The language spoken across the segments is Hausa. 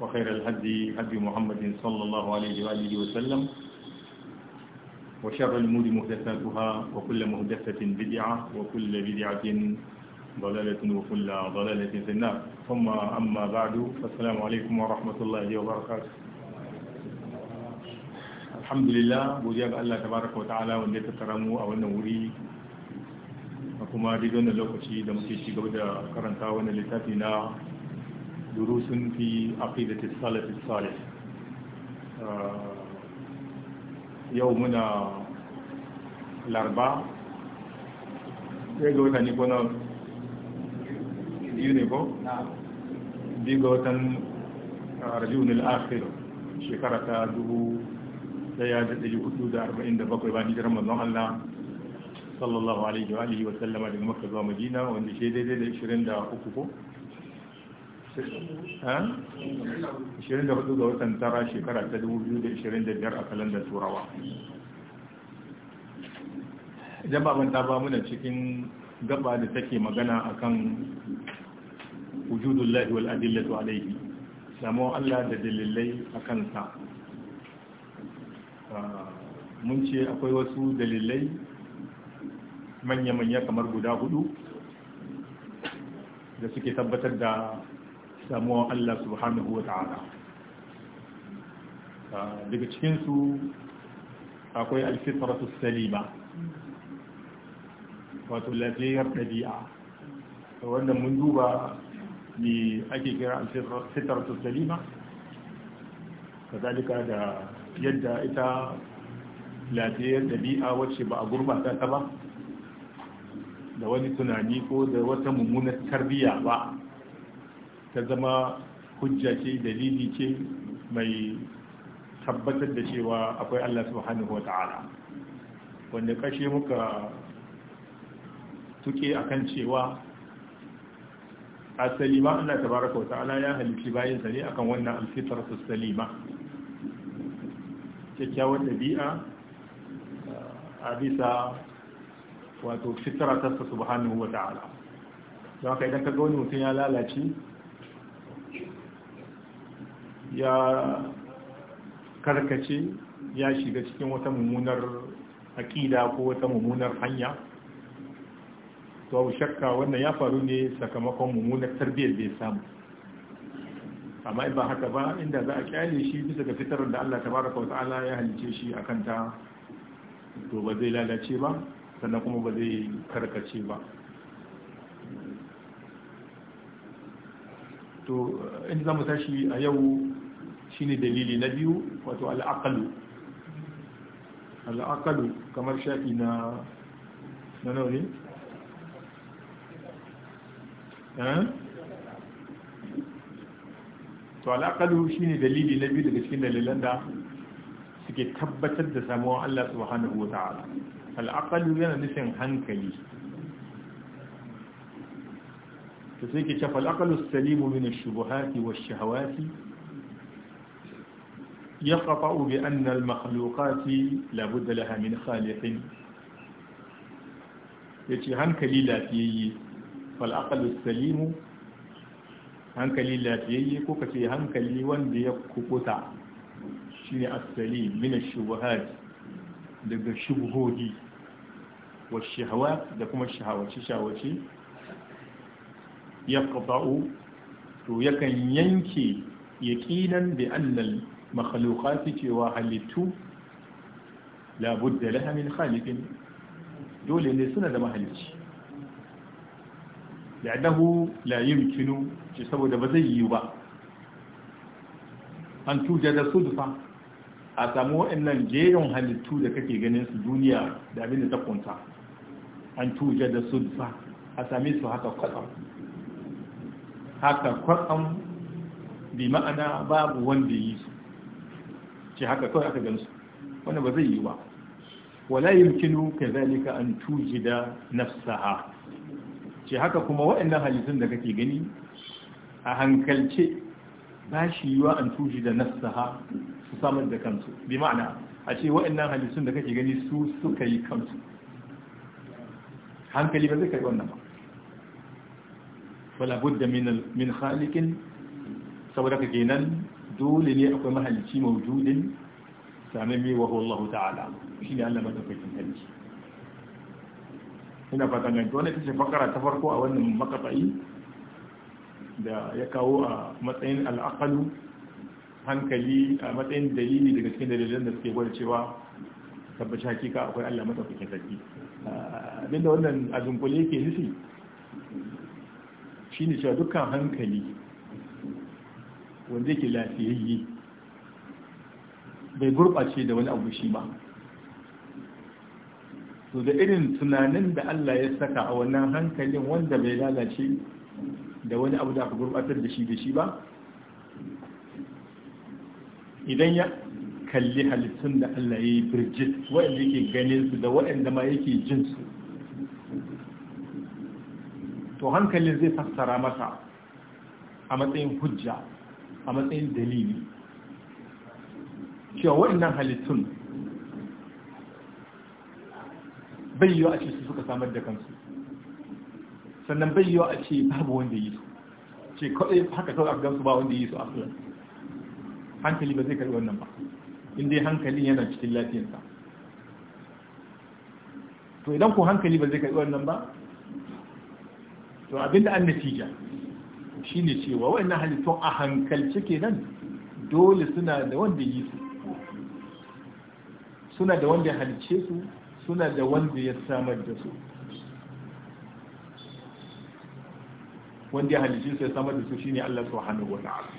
وخير الهدي هدي محمد صلى الله عليه وآله وسلم وشر المود مهدثاتها وكل مهدثة بدعة وكل بدعة ضلالة وكل ضلالة في النار ثم أما بعد فالسلام عليكم ورحمة الله وبركاته الحمد لله بوجاب الله تبارك وتعالى wa ta'ala أو النوري وكما ديدون a دمكيشي قبدا kuma duk دروس في عقيدة السلف الصالح آه، يومنا الأربعاء يقول أن يكون يونيفو بيقول أن رجون الآخر شكرا تادو سيادة يهدود أربعين دفقوا بان يجرم الله الله صلى الله عليه وآله وسلم على المكتب ومدينة وأن شيء ده ده ده 24 ga watan tara shekara ta 2025 a kalandar turawa idan baban ta ba muna cikin gaba da take magana akan lahi wal adillatu alayhi samo Allah da dalilai akan sa ah, mun ce akwai wasu dalilai manya-manya kamar guda hudu da suke tabbatar da samuwan Allah subhanahu wa ta'ala ah, daga cikinsu akwai alfitratu salima wato lafiyar ɗabi'a wanda mun duba ne ake kira alfitratu salima kazalika da yadda ita lafiyar ɗabi'a wacce ba a gurbata ta ba da wani tunani ko da wata mummunar tarbiyya ba ta zama hujja ce dalili ce mai tabbatar da cewa akwai Allah subhanahu wa ta'ala wanda kashe muka tuke akan cewa asali Salima Allah tabaraka wa ta'ala ya halici bayan sa ne akan wannan alfitar su salima kyakkyawar dabi'a a bisa wato fitra ta subhanahu wa ta'ala don haka idan ka ga wani mutum ya lalace ya karkace ya shiga cikin wata mummunar aƙida ko wata mummunar hanya to shakka wannan ya faru ne sakamakon mummunar tarbiyyar da ya samu amma ba haka ba inda za a kyale shi bisa ga fitar da Allah tabaraka wata'ala ya halice shi a kanta to ba zai lalace ba sannan kuma ba zai karkace ba to in za mu tashi a yau shine dalili na biyu wato al'aqalu al'aqalu kamar shafi na na nawa ne eh? to al'aqalu shine dalili na biyu daga cikin dalilan da suke tabbatar da samuwar Allah subhanahu wa ta'ala al'aqalu yana nufin hankali ta sai ke cewa al'aqalu salimu min ash-shubuhati wash-shahawati يقطع بأن المخلوقات لابد لها من خالق يتي هنكلي لا فيه فالأقل السليم هنكلي لا فيه كوكتي هنكلي واندي يكوكتا شيء السليم من الشبهات daga shubuhohi wa shahawa da kuma shahawace-shahawace ya kafa'u to yakan yanke yaƙinan da annal makhalukati cewa halittu labudda laha min khaliqin dole ne suna da mahalicci لأنه لا يمكن saboda ba zai yi ba an tuja da sudfa a samu waɗannan jerin halittu da kake ganin su duniya da abin da ta kunta an tuja da sudufa a sami su haka kwatsam haka kwatsam bi ma'ana babu wanda yi su ce haka kawai aka gansu wanda ba zai yi ba wala yumkinu kazalika an tujida nafsaha ce haka kuma waɗannan halittun da kake gani a hankalce ba shi yiwa an tujida nafsaha su samar da kansu bi ma'ana a ce waɗannan halittun da kake gani su suka yi kansu hankali ba zai kai wannan ba wala budda min min khaliqin saboda kake nan dole ne akwai mahalicci mawjudin samimi wahu Allah ta'ala shine Allah madaukakin sarki ina fatan Wani wannan ce fakara ta farko a wannan makafai da ya kawo a matsayin al'aqalu hankali a matsayin dalili daga cikin dalilan da suke gwada cewa tabbaci hakika akwai Allah madaukakin sarki abinda wannan azunkule yake nufi shine cewa dukkan hankali wanda yake lafiyayye bai gurɓace da wani abu shi ba to da irin tunanin da Allah ya saka a wannan hankalin wanda bai lalace da wani abu da aka gurɓatar da shi da shi ba idan ya kalli halittun da Allah ya yi birjit waɗanda yake ganin su da waɗanda ma yake jin su to hankalin zai fassara masa a matsayin hujja a matsayin dalili cewa waɗannan halittun bai yiwa a ce su suka samar da kansu sannan bai yiwa a ce babu wanda yi su ce kawai haka kawai aka gansu ba wanda yi su a sulan hankali ba zai karɓi wannan ba inda hankali yana cikin lafiyarsa to idan ku hankali ba zai karɓi wannan ba to abinda an natija Shi ne cewa wani halittun a hankalce kenan dole suna da wanda yi su suna da wanda halice su suna da wanda ya samar da su wanda ya halice su ya samar da su shine Allah subhanahu wata'ala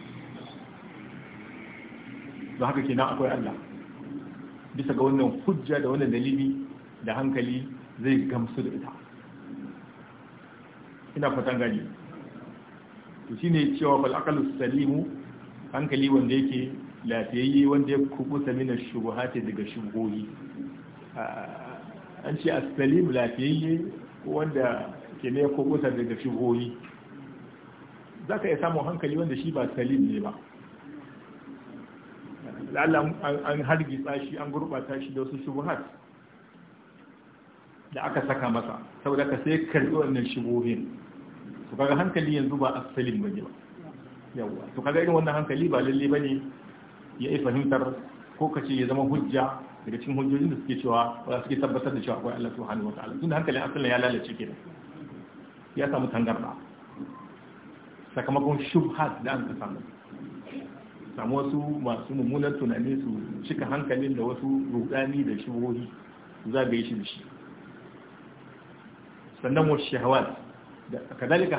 don haka kenan akwai Allah bisa ga wannan hujja da wannan dalili da hankali zai gamsu da ita ina fatan gani to shine cewa fal aqalu salimu hankali wanda yake lafiyayye wanda ya kubuta mina shubuhati daga shubuhi an ce as-salim lafiyayye wanda ke ne sa daga shubuhi zaka iya samun hankali wanda shi ba salim ne ba lalla an hargi shi an gurbata shi da wasu shubuhat da aka saka masa saboda ka sai karbi wannan shubuhin to kaga hankali yanzu ba asalin bane ba yawa to kaga irin wannan hankali ba lalle bane ya yi fahimtar ko kace ya zama hujja daga cikin hujjojin da suke cewa ba suke tabbatar da cewa akwai Allah subhanahu ta'ala tunda hankalin asalin ya lalace kenan ya samu tangarda sakamakon shubhat da an samu samu wasu masu mummunan tunani su cika hankalin da wasu rudani da shubohi za ga yi shi da shi sannan wasu shahawat da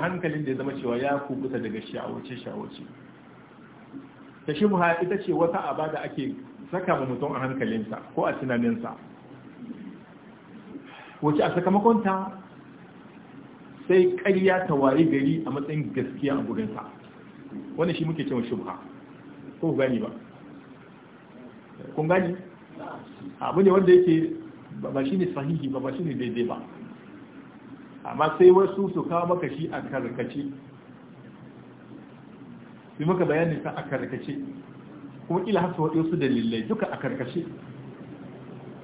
hankalin da ya zama cewa ya kubuta daga sha'awace-sha'awace ta muha ita ce wata aba da ake saka ma mutum a hankalinsa ko a tunaninsa wace a sakamakon ta sai ƙarya ta waye gari a matsayin gaskiya a gurinsa wanda shi muke cewa shubha ko gani ba kun gani abu ne wanda yake ba shi ne sahihi ba ba shi ne daidai ba amma sai wasu su kawo maka shi a karkace su maka bayanin sa a karkace kuma ila waɗe su dalilai duka a karkace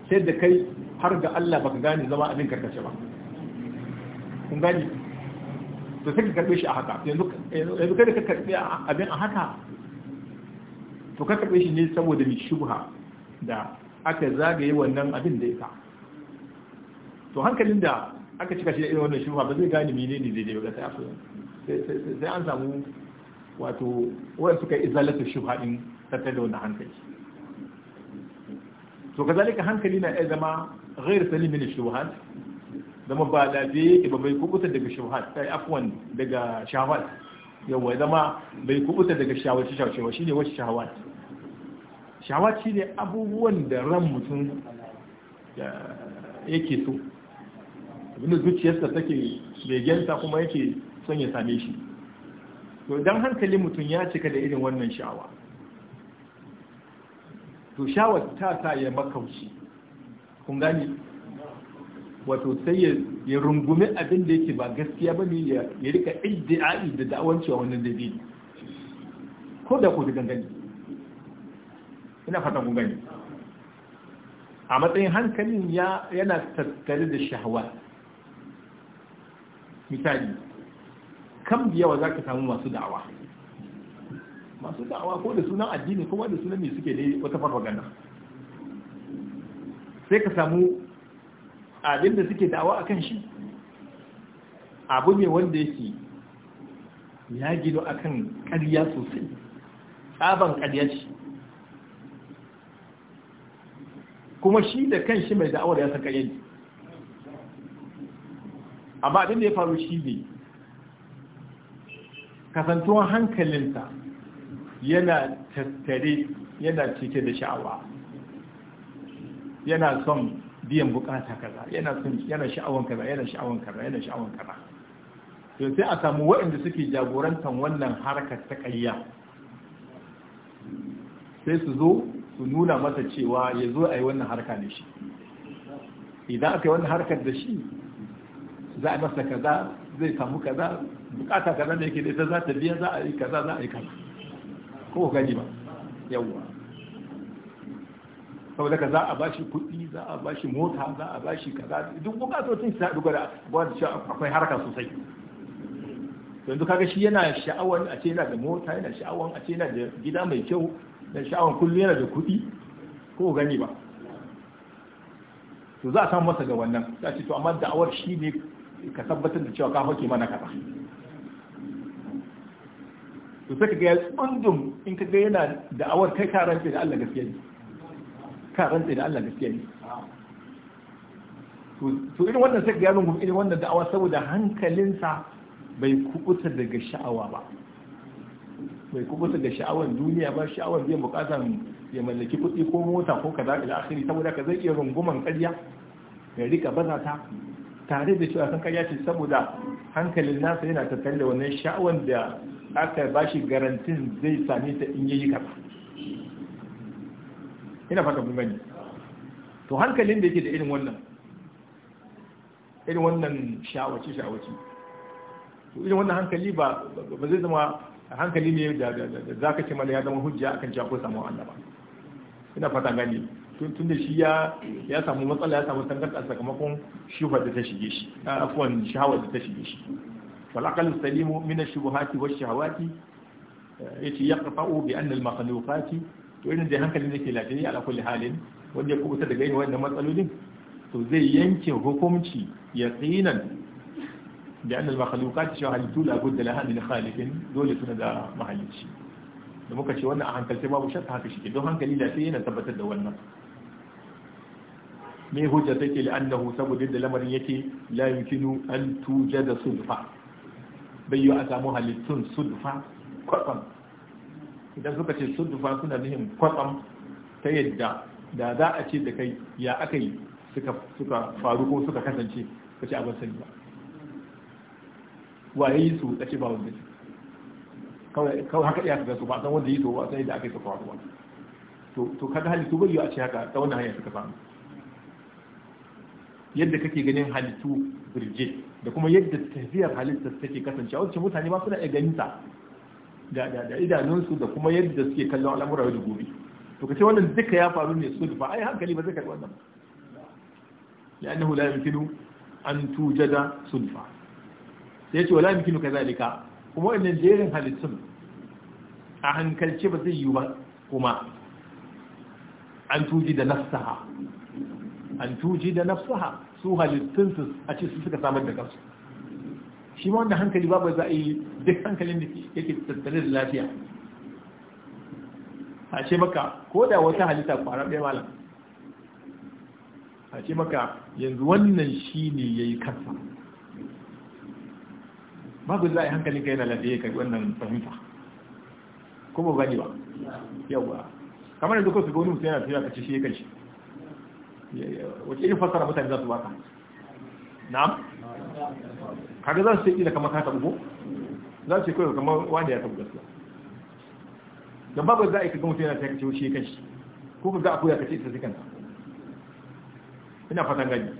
sai da kai har ga Allah baka gane zama abin karkace ba kun gani to sai ka karbe shi a haka yanzu kai da ka karbe abin a haka to ka karbe shi ne saboda mai shubha da aka zagaye wannan abin da ya to hankalin da aka cika shi da irin wannan shubha ba zai gane ne daidai ba sai sai an samu wato wanda suka izalata shubha din tattar da wannan hankali to kazalika hankali na iya zama ghair salim min shubuhat zama ba labe yake ba bai kubuta daga ta sai afwan daga shahawat yawa zama bai kubuta daga shi ne shine wace shahawat shi shine abubuwan da ran mutum eh, yake so abinda zuciyarsa take begenta kuma yake son ya same shi to dan hankali mutum ya cika da irin wannan sha'awa to sha'awa ta sa ya makauci kun gani wato sai ya rungume abin da yake ba gaskiya ba ne ya rika iddi'ai da da'awanci a wannan dabi ko da ku gani, ina fatan ku gani a matsayin hankalin yana tattare da shahawar misali kam biyawa yawa za ka samu masu da'awa masu da'awa ko da sunan addini ko da sunan mai suke dai wata farfaganda sai ka samu abin da suke da'awa a kan shi abu ne wanda yake ya gido a kan ƙarya sosai tsaban ƙarya ce kuma shi da kan shi mai da'awar ya san ƙarya ne amma abin da ya faru shi ne kasantuwan hankalinsa yana tattare yana cike da sha'awa yana son biyan bukata kaza yana son yana sha'awan kaza yana sha'awan kaza yana sha'awan kaza to sai a samu waɗanda suke jagorantar wannan harkar ta ƙarya sai su zo su nuna masa cewa ya zo a yi wannan harka da shi idan aka yi wannan harkar da shi za a masa kaza zai samu kaza bukata kaza ne yake da ita za ta biya za a yi kaza za a yi kaza ko gani ba yawwa saboda ka za a bashi kuɗi za a bashi mota za a bashi kaza duk sun su haɗu da gwada cewa akwai harka sosai yanzu kaga shi yana sha'awar a ce yana da mota yana sha'awar a ce yana da gida mai kyau da sha'awar kullum yana da kuɗi ko gani ba to za a samu masa ga wannan za a ce to amma da'awar shi ne ka tabbatar da cewa ka hauke mana kaza to sai ka ga tsundum in ka ga yana da'awar kai ka rantse da Allah gaskiya ne ka rantse da Allah gaskiya ne to irin wannan sai ga mun irin wannan da'awa saboda hankalinsa bai kubuta daga sha'awa ba bai kubuta da sha'awar duniya ba sha'awar biyan bukatar ya mallaki kuɗi ko mota ko kaza ila akhiri saboda ka zai iya runguman ƙarya ya rika bazata. tare da cewa san karya ce saboda hankalin nasa yana tattare da wannan sha'awar da aka ba shi garantin zai same ta in yayi kaza ina fata kun gani to hankalin da yake da irin wannan irin wannan sha'awaci sha'awaci to irin wannan hankali ba ba zai zama hankali ne da za ka ce mana ya zama hujja akan cewa ko samu Allah ba ina fata gani tun da shi ya samu matsala ya samu tangarda sakamakon shuhar da ta shige shi a afwan shahawar da ta shige shi wal aqal salimu min ash-shubuhati wash-shahawati eh, yace yaqfa'u bi anna al-makhluqati to irin dai hankalin da ke lafiya ala kulli halin wanda ya kubuta daga yin wannan matsalolin to zai yanke hukunci yaqinan لأن المخلوقات شهلتو لابد لها من خالق دولة دا محلتش da da mahalicci. muka ce wannan a hankali sai babu shakka haka shi don hankali da sai yana tabbatar da wannan me hujja take li annahu saboda da lamarin yake la yumkinu an tujada sulfa bai yi a samu halittun sulfa kwatsam idan suka ce sulfa suna nufin kwatsam ta yadda da za a ce da kai ya aka yi suka faru ko suka kasance ka ce abin sani ba waye yi su ce ba wanda kawai haka iya su su ba san wanda yi to ba san yadda aka yi su faruwa to kada halittu bai yi a ce haka ta wannan hanyar suka samu yadda kake ganin halittu birje da kuma yadda tafiyar halitta take kasancewa wacce mutane ba suna iya ganin ta da idanunsu da kuma yadda suke kallon al'amura yau da gobe to kace wannan duka ya faru ne su ba ai hankali ba zai karɓi wannan la yamkinu an tujada توجد sai سيأتي wala yamkinu kazalika kuma wannan jerin halittun a hankalce ba zai yi ba kuma an tuji da nafsaha an tuji da nafsaha su halittunsu a ce su suka samar da kansu shi ma wanda hankali babu za a yi duk hankalin da yake tattare da lafiya a ce maka ko da wata halitta kwara ɗaya malam a ce maka yanzu wannan shi ne ya yi kansa babu za a yi hankalin ka yana lafiya ka wannan fahimta kuma gani ba yawa kamar da zuwa su ga wani mutum yana tafiya ka ce shi ya kai shi wace irin fasara mutane za su baka na'am kaga za su ce ila kamar ka tabu ko za su ce kawai kamar wanda ya tabu gaskiya dan babu za a yi kaga mutum yana ta kace shi kanshi ko ka ga koya kace ita sai kanta ina fatan gani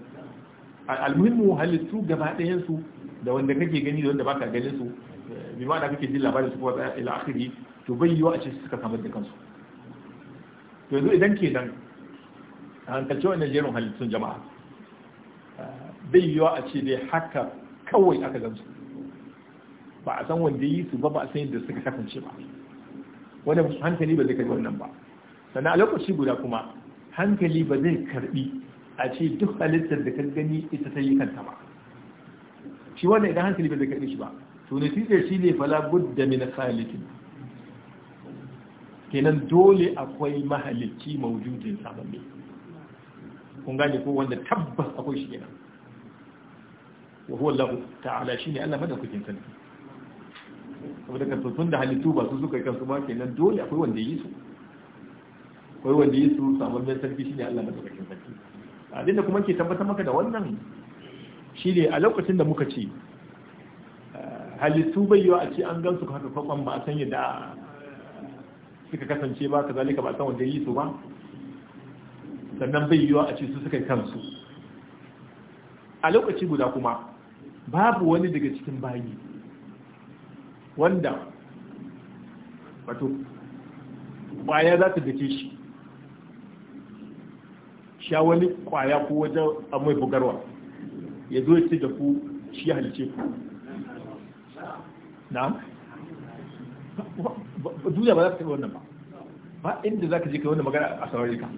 almuhimmu halittu gaba ɗayan su da wanda kake gani da wanda baka ganin su eh, bi ma da kake jin labarin su ko ila akhiri to bai yiwa a ce suka samar da kansu to yanzu idan ke nan a hankalci wannan jerin halittun jama'a bai yiwa a ce dai haka kawai aka gamsu ba a san wanda yi su ba ba a san yadda suka kasance ba wanda hankali ba zai karbi wannan ba sannan a lokaci guda kuma hankali ba zai karbi a ce duk halittar da kan gani ita ta yi kanta ba shi wannan idan hankali ba zai karbi shi ba to ne tsitsar shi ne fala budda min khaliqin kenan dole akwai mahalicci mawjudin samamme kun gane ko wanda tabbas akwai shi kenan wa huwa Allah ta'ala shine Allah madaukakin sarki saboda kan tun da halittu ba su suka kansu ba kenan dole akwai wanda yi su akwai wanda yi su samun mai sarki shine Allah madaukakin sarki abinda kuma ke tabbatar maka da wannan shine a lokacin da muka ce eh, halittu bai wa a ce an gansu haka kwakwan ba a san yadda suka kasance ba ka zalika ba a san wanda yi su ba sannan bai yiwa a ce su suka kansu a lokaci guda kuma babu wani daga cikin bayi wanda wato kwaya za ta dake shi sha wani kwaya ko wajen amai bugarwa ya zo ya ce da ku shi halice ku na duniya ba za ta taɓa wannan ba ba inda za ka je ka wannan magana a saurari ka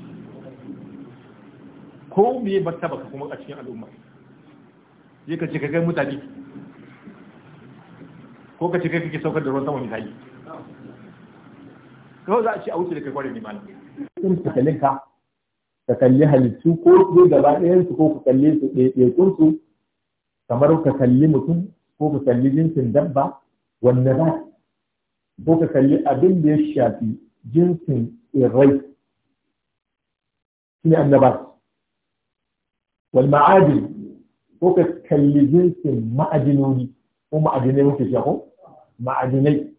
ko me martaba ka kuma a cikin al'umma je ka ce ka kai mutane ko ka ce kai kake saukar da ruwan sama misali kawai za a ce a wuce da kai kwarin malam sun ka kalli ka ka kalli halittu ko su gaba ɗayan su ko ku kalli su ɗaiɗaikun su kamar ka kalli mutum ko ku kalli jinsin dabba wanda ba ko ka kalli abin da ya shafi jinsin irai shi ne annabawa wal ma'adin ko ka kalli jinsin ma'adinoni ko ma'adinai muke shi ma'adinai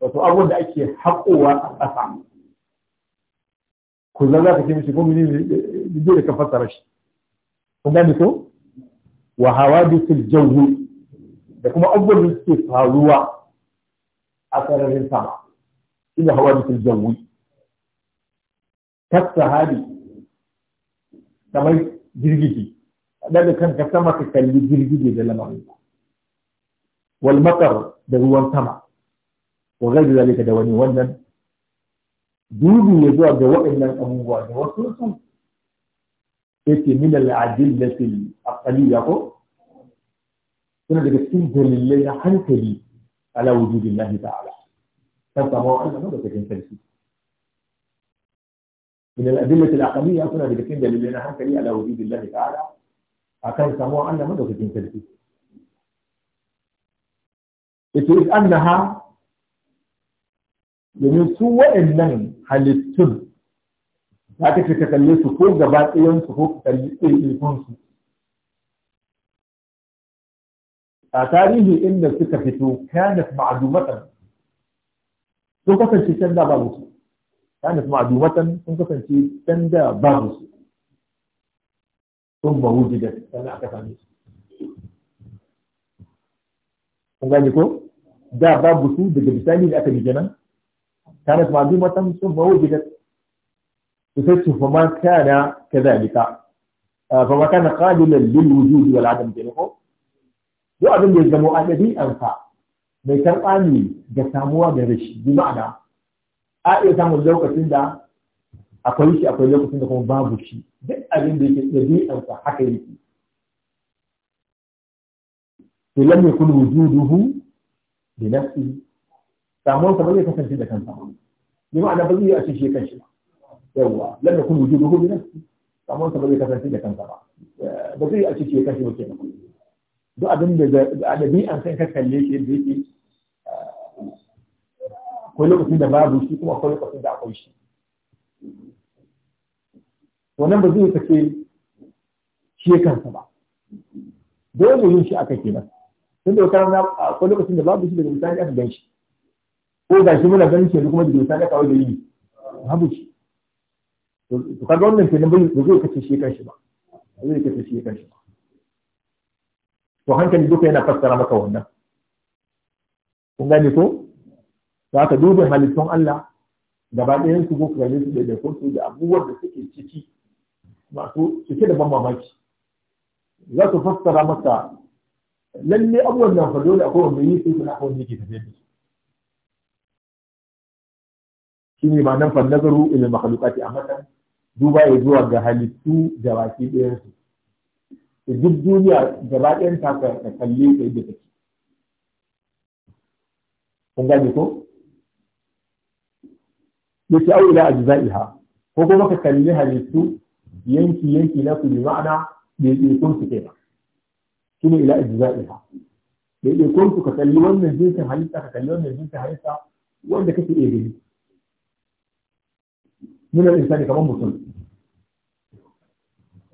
wato abubuwan da ake haƙowa a ƙasa ku zan za ka ce mishi ko mini ne eh, da ka fassara shi kun gani ko wa hawadisul jawwi da kuma abubuwan da suke faruwa a sararin sama shi ne hawadisul jawwi kas hali kamar girgiji daga kanka sama ka kalli girgije da lamarin wal matar da ruwan sama wa gaji zalika da wani wannan dubi ya zuwa ga waɗannan abubuwa da wasu su yake min al-adillati al-aqliyya ko suna daga cikin dalilai na hankali ala wujudillahi ta'ala kan samu wannan da cikin sarki من الأدلة العقلية هنا بتكون دليلنا هنكلي على وجود الله تعالى akan samuwar Allah madaukakin sarki ita is annaha domin su wa'annan halittun za ka ce ka kalle su ko gaba ɗayansu ko ka kalli ɗaiɗaikunsu a tarihi inda suka fito kanat ma'adumatan sun kasance can da babu su kanat ma'adumatan sun kasance can da babu su sun ba wujidat aka sami. su gane ko da babu su daga bisani da aka bi kenan kana ma bi matan sun ba wujidat to sai su fama kana kazalika fama kana qadilan lil wujud wal adam kenan ko duk abin da ya zamo a ɗabi'arsa mai karɓani da samuwa da rashi bi ma'ana a iya samun lokacin da akwai shi akwai lokacin da kuma babu shi duk abin da yake ɗabi'arsa haka yake to lam yakun wujuduhu bi nafsi samuwar sa ba zai kasance da kansa ba bi ma'ana ba zai a ce shi kanshi ba yawwa lam yakun wujuduhu bi nafsi samuwar sa ba zai kasance da kansa ba ba zai a ce shi kanshi ba kenan duk abin da ɗabi'an sai ka kalle shi da yake akwai lokacin da babu shi kuma akwai lokacin da akwai shi wannan ba zai kace shi kansa ba dole yin shi aka kenan tun da wata na akwai lokacin da babu shi daga misali aka gan shi ko da shi muna ganin shi kuma daga misali aka wajen yi babu shi to kaga wannan kenan ba zai kace shi kanshi ba ba zai kace shi kanshi ba to hankali duka yana fassara maka wannan kun gane ko za ka duba halittun Allah gaba ɗayan su ko kare su da ko su da abubuwan da suke ciki masu cike da ban mamaki za su fassara maka lalle abubuwan nan fa dole akwai wanda yi sai kuma akwai wanda yake tafiya da su shine ma nan fa nazaru ila makhluqati mata? duba ya zuwa ga halittu da baki ɗayan su duk duniya da ɗayan ta ka kalle ta yadda take kun gane ko yace au ila ajza'iha ko kuma ka kalli halittu yanki yanki na su bi ma'ana da yake kun su kenan shine ila ajza'iha da yake kun su ka kalli wannan jinsin halitta ka kalli wannan jinsin halitta wanda kake iya gani nuna insani kamar mutum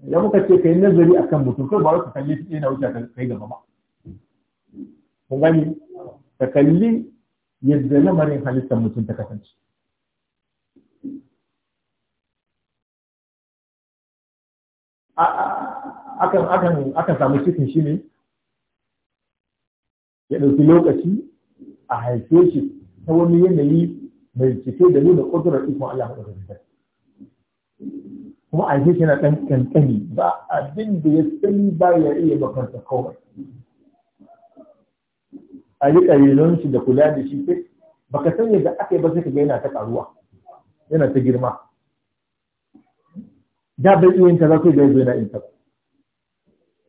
idan muka ce ka yi nazari akan kan mutum kai ba wai ka kalli shi yana wuce kai yi gaba ba kun gani ka kalli yadda lamarin halittar mutum ta kasance akan samu cikin shi ne ya ɗauki lokaci a haife shi ta wani yanayi mai cike da nuna ƙudurar ikon Allah maɗaukakin kuma a shi yana ɗan ƙanƙani ba abin da ya sani ba ya iya makarta kawai a yi shi da kula da shi baka san yadda aka yi ba sai ka ga yana ta ƙaruwa yana ta girma da bai iya yin kaza sai zo yana yin kaza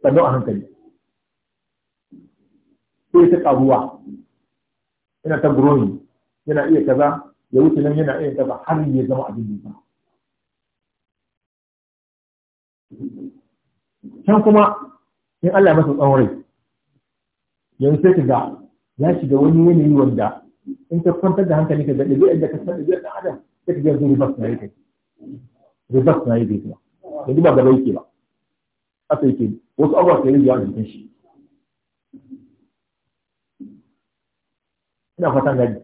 sannan a hankali sai ta karuwa yana ta growing yana iya kaza ya wuce nan yana iya kaza har ya zama abin da can kuma in Allah ya masa tsawon rai yanzu sai ka ga ya shiga wani yanayi wanda in ka kwantar da hankali ka ga ɗabi'ar da ka san ɗabi'ar da adam sai ka ga yanzu ribas na yi kai ribas na yi kai yanzu ba gaba yake ba haka yake wasu abubuwa sai rijiya a jikin shi ina fatan gani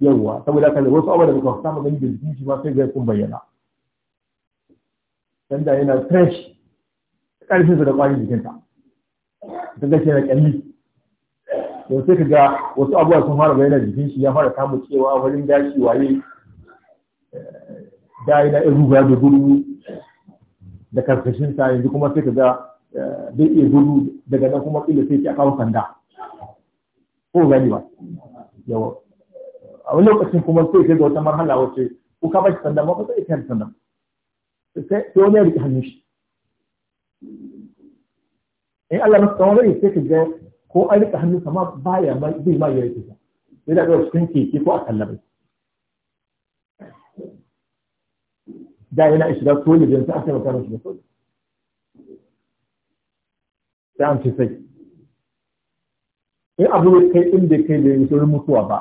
yawwa saboda haka wasu abubuwa da muka samu gani da jikin shi ma sai ga kun bayyana dan da yana fresh karfin sa da kwarin jikinta ta gashi yana kyalli to sai ka ga wasu abubuwa sun fara bayyana jikin shi ya fara kamun cewa wurin gashi waye eh, da yana irin ruga da gudu da karkashin sa yanzu kuma sai ka ga zai eh, iya gudu daga nan kuma kila sai ki a kawo sanda ko gani ba yawa a wani lokacin kuma sai kai ga wata marhala wacce ko ka bashi sanda ma ba sai kai sanda sai wani ya rike hannun shi in Allah masa tsawon rai sai ka ga ko an rike hannun sa ma baya bai ma ya rike sa sai da ga cikin keke ko a kallabai da yana shiga soja da yanzu an taimaka mashi da soja sai an ce sai in abu ya kai inda kai da yanzu saurin mutuwa ba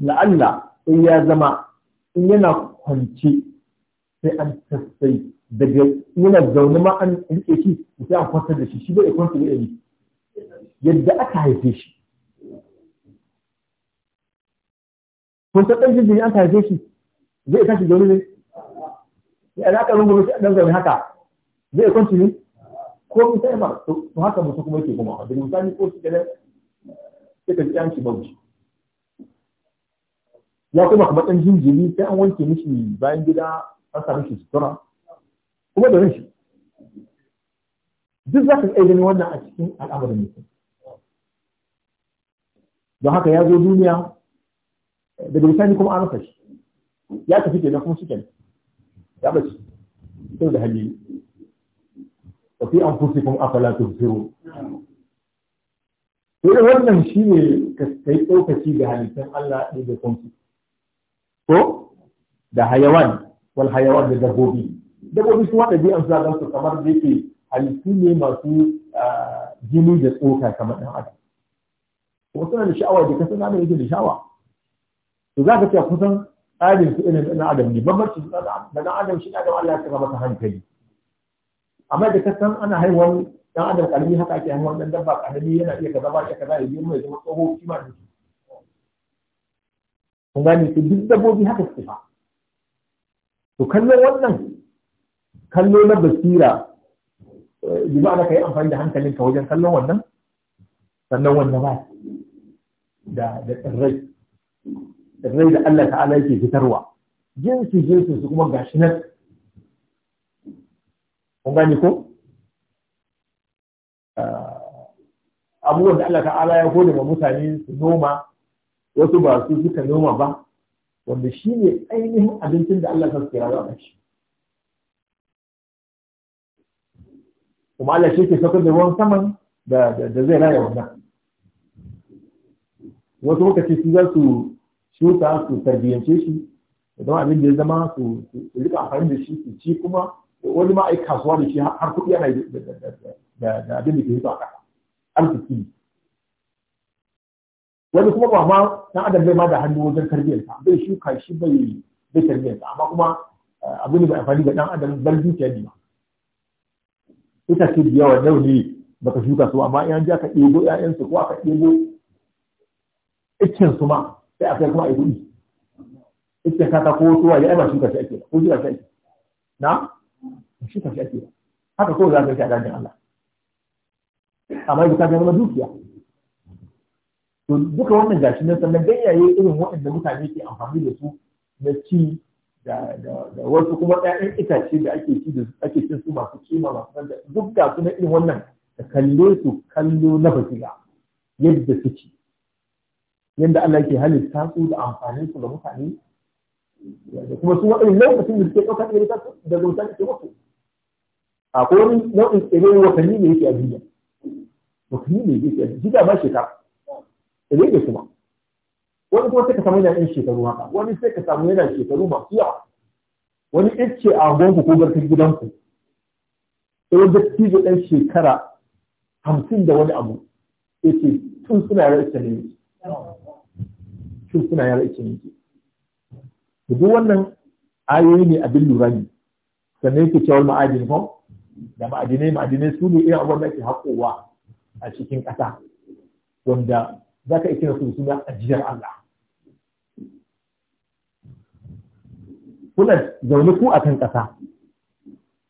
na Allah in ya zama in yana kwanci sai an sassai daga yana zaune ma an rike shi sai an kwantar da shi shi bai kwanta da yanzu yadda aka haife shi kun ta ɗan jirgin an haife shi zai tashi da wuri ne ya za ka rungume shi dan zaune haka zai kwanci ne ko mun sai ba to haka mutum kuma yake kuma da misali ko shi da sai ka ji an shi bauchi ya kuma kamar ɗan jinjiri sai an wanke mishi bayan gida an sa mishi sutura kuma da shi duk za ka iya gani wannan a cikin al'amarin mutum don haka ya zo duniya daga bisani kuma an rasa shi ya tafi kenan kuma shi kenan ya bace sai da hali wa fi anfusikum afala tubsirun Sai wannan shine ka kai tsokaci da halittun Allah ɗin da kansu ko da hayawan wal hayawan da dabbobi dabbobi su wanda bi amsa dan su kamar da yake halittu ne masu jini da tsoka kamar ɗan adam Kuma suna da sha'awa da kasan da yake da sha'awa to zaka ce kusan tsarin su irin ɗan adam ne babbar da ɗan adam shi ɗan adam Allah ya saka masa hankali amma da kasan ana haihuwar dan adam karami haka ake haihuwar dan dabba karami yana iya kaza ba kaza ya girma mai zama tsoho kima da shi kun gane su duk dabbobi haka su fa to kallon wannan kallo na basira eh, bi ma'ana kai amfani da ka wajen kallon wannan sannan wannan ba da da tsirrai da rai da Allah ta'ala yake fitarwa jinsi jinsi su kuma gashi nan kun gani ko ah, abubuwan da Allah ta'ala ya gode wa mutane su noma wasu ba su suka noma ba wanda shi ne ainihin abincin da Allah ta rawa da shi kuma Allah shi ke saukar da ruwan saman da zai raya wannan wasu muka su za su shuka su tarbiyyance shi idan abin da ya zama su rika amfani da shi su ci kuma wani ma ai kasuwa da shi har kuɗi ana da abin da ke hito a ƙasa arziki wani kuma ba ma dan adam bai ma da hannu wajen tarbiyyarsa bai shuka shi bai bai tarbiyyarsa amma kuma eh, abin da bai amfani ga dan adam bar zuciya ne ba ita ce da yawa nau ne baka shuka su amma in an ji aka ɗebo 'ya'yansu ko aka ɗebo iccen su ma sai a kai kuma a yi kuɗi ita kata ko tuwa ya ba shuka shi ake ko jira shi ake na shuka shi ake haka ko za ka yi a dajin Allah amma yanzu ka ga zama dukiya to duka wannan gashi na sannan ganyaye irin waɗanda mutane ke amfani da su na ci da wasu kuma ɗayan itace da ake ci da ake cin su masu kima masu nan duk ga su na irin wannan da kalle su kallo na basira yadda suke yadda Allah yake halitta su da amfanin su da mutane da kuma su waɗannan lokacin da suke ɗaukar ɗaya ta da zauta ke wasu akwai wani nau'in tsere watanni ne yake a duniya watanni ne yake a duniya ba shekara tsere da kuma wani kuma sai ka samu yana ɗan shekaru haka wani sai ka samu yana shekaru masu yawa wani ice a gonku ko garkar gidanku sai wani dattijo ɗan shekara hamsin da wani abu ya ce tun suna rarsa ne su suna yara ikin yake duk wannan ayoyi ne abin lura ne sannan yake cewa ma'adin ko da ma'adinai ma'adinai su ne irin abubuwan da ake haƙowa a cikin ƙasa wanda za ka ikira su suna ajiyar Allah kuna zaune ku a kan ƙasa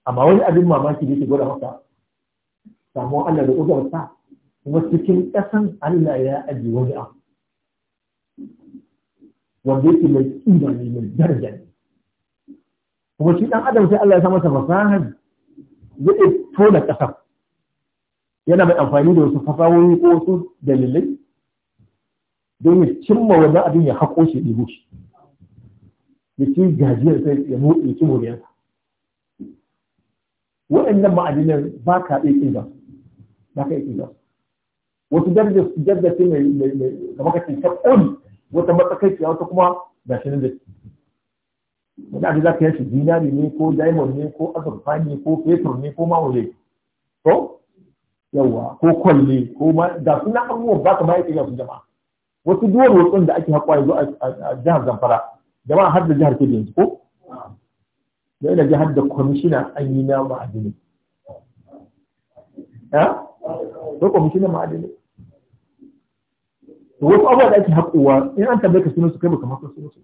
amma wani abin mamaki da yake gwada maka samuwar Allah da ƙudurarsa kuma cikin ƙasan Allah ya ajiye wani abu wanda yake mai imani ne mai darajar kuma shi dan adam sai Allah ya samu masa fasaha ya tona ƙasar yana mai amfani da wasu fasahohi ko wasu dalilai don ya cimma wannan abin ya haƙo shi dibo shi ya ci gajiyar sai ya motsa ya ci moriyarsa waɗannan ma'adinan ba ka iya ƙin ba ba ka iya ƙin ba wasu darajar mai kamar ka ce ta wata matsakaiciya wata kuma ga shi da wani abin za ka yashi dinari ne ko diamond ne ko azurfa ne ko fetur ne ko mawale to yawa ko kwalle ko ma ga suna abubuwan ba ka ma yake su jama'a wasu duwar wasu da ake haƙwa yanzu a jihar zamfara jama'a har da jihar ke yanzu ko da ina jihar da kwamishina an yi na ma'adini eh? ko kwamishina ma'adini wasu abubuwa da ake haƙuwa in an tabbata ka sunan su kai maka masu sunan su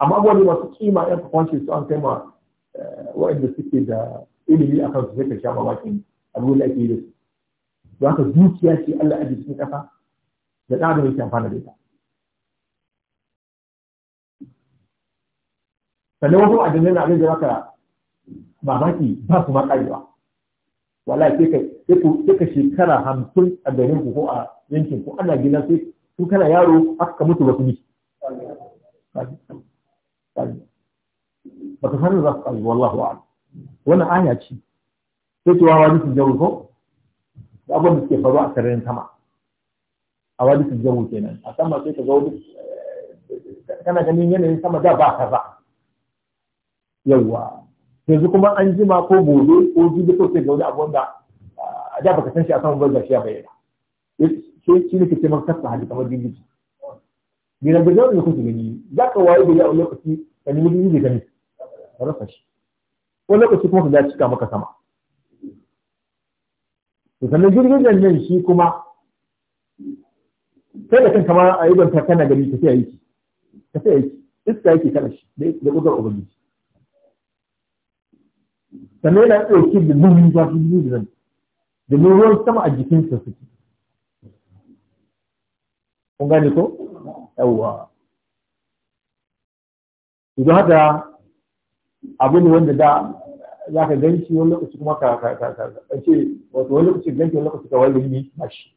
amma abubuwa ne masu kima ɗan ka kwance su an kai ma eh, waɗanda suke da ilimi a kansu sai ka sha mamakin abubuwan da ake yi da su don haka dukiya ce Allah a jikin ƙasa da ɗan adam yake amfana da ita sannan wasu addinai na abin da zaka mamaki ba su ma ƙarewa wala sai ka shekara hamsin a garin ku ko a yankin ku ana gina sai in kana yaro aka ka mutu wasu bi ba ka sanin za su ƙari wallahu a'lam wannan aya ce sai ce wa wadisul jawu ko da abin da suke faru a sararin sama a wadisul jawu kenan a sama sai ka ga wani eh, kana ganin yanayin sama da ba za yawwa yanzu kuma an jima ko gobe ko jibi ko sai ga abin ah, da a da baka san shi a saman bar gashi ya bayyana shi shi ne ke maka kasa hali kamar girgiji gidan da zaune kuke gani za ka waye gari a lokaci kan nemi girgiji gani ka rasa shi Ko lokaci kuma ka ga cika maka sama to sannan jirgin nan shi kuma Sai da kan kamar ayyukan yi ta kana gari ka sai aiki ka sai aiki iska yake kana shi da ƙudar ubangiji sannan yana ɗauke da nuhin zafi da zan da ruwan sama a jikinsa suke kun gani ko yawwa idan haka abu ne wanda da za ka gan wani lokaci kuma ka ka ka ka ce wato wani lokaci gan wani lokaci ka wani gini a shi